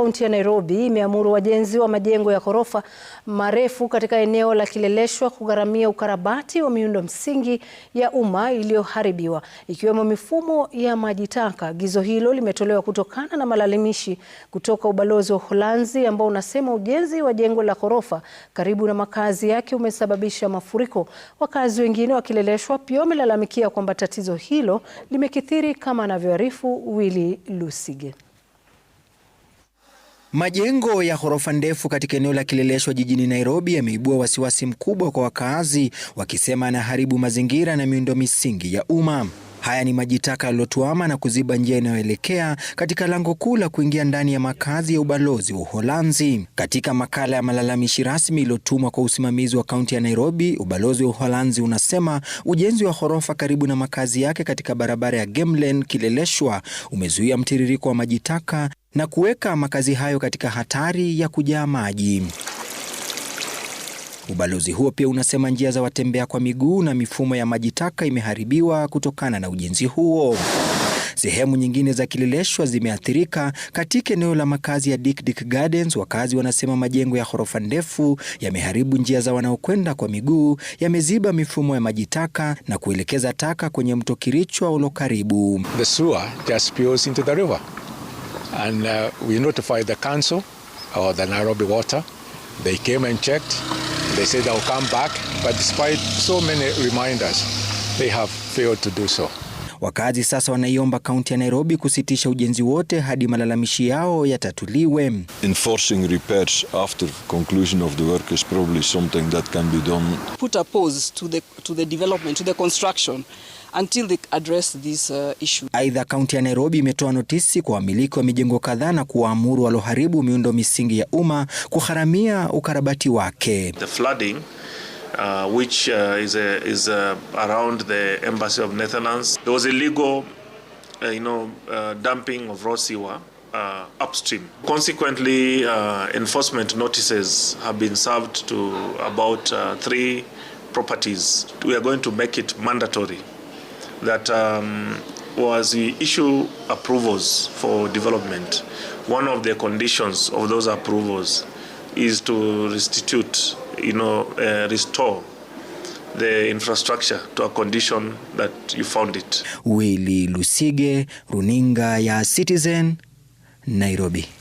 Kaunti ya Nairobi imeamuru wajenzi wa majengo ya ghorofa marefu katika eneo la Kileleshwa kugharamia ukarabati wa miundo msingi ya umma iliyoharibiwa ikiwemo mifumo ya maji taka. Agizo hilo limetolewa kutokana na malalamishi kutoka ubalozi wa Uholanzi ambao unasema ujenzi wa jengo la ghorofa karibu na makazi yake umesababisha mafuriko. Wakazi wengine wa Kileleshwa pia wamelalamikia kwamba tatizo hilo limekithiri kama anavyoarifu Willy Lusige. Majengo ya ghorofa ndefu katika eneo la Kileleshwa jijini Nairobi yameibua wasiwasi mkubwa kwa wakaazi, wakisema yanaharibu mazingira na miundo misingi ya umma. Haya ni maji taka yaliyotuama na kuziba njia inayoelekea katika lango kuu la kuingia ndani ya makazi ya ubalozi wa Uholanzi. Katika makala ya malalamishi rasmi iliyotumwa kwa usimamizi wa kaunti ya Nairobi, ubalozi wa Uholanzi unasema ujenzi wa ghorofa karibu na makazi yake katika barabara ya Gemlen Kileleshwa umezuia mtiririko wa maji taka na kuweka makazi hayo katika hatari ya kujaa maji. Ubalozi huo pia unasema njia za watembea kwa miguu na mifumo ya maji taka imeharibiwa kutokana na ujenzi huo. Sehemu nyingine za Kileleshwa zimeathirika. Katika eneo la makazi ya Dik Dik Gardens, wakazi wanasema majengo ya ghorofa ndefu yameharibu njia za wanaokwenda kwa miguu, yameziba mifumo ya maji taka na kuelekeza taka kwenye mto Kirichwa ulo karibu. The sewer just spills into the river and uh, we notified the council or the Nairobi Water. They came and checked. They said they'll come back, but despite so many reminders, they have failed to do so. Wakazi sasa wanaiomba kaunti ya Nairobi kusitisha ujenzi wote hadi malalamishi yao yatatuliwe. Enforcing repairs after conclusion of the work is probably something that can be done. Put a pause to the, to the development, to the construction until they address this uh, issue. Aidha, kaunti ya Nairobi imetoa notisi kwa wamiliki wa mijengo kadhaa na kuwaamuru waloharibu miundo misingi ya umma kuharamia ukarabati wake. The flooding uh, which uh, is, a, is a uh, around the embassy of Netherlands. There was illegal uh, you know, uh, dumping of raw sewer Uh, upstream. Consequently, uh, enforcement notices have been served to about uh, three properties. We are going to make it mandatory that um, was the issue approvals for development. One of the conditions of those approvals is to restitute, you know, uh, restore the infrastructure to a condition that you found it. Willy Lusige, Runinga ya Citizen, Nairobi.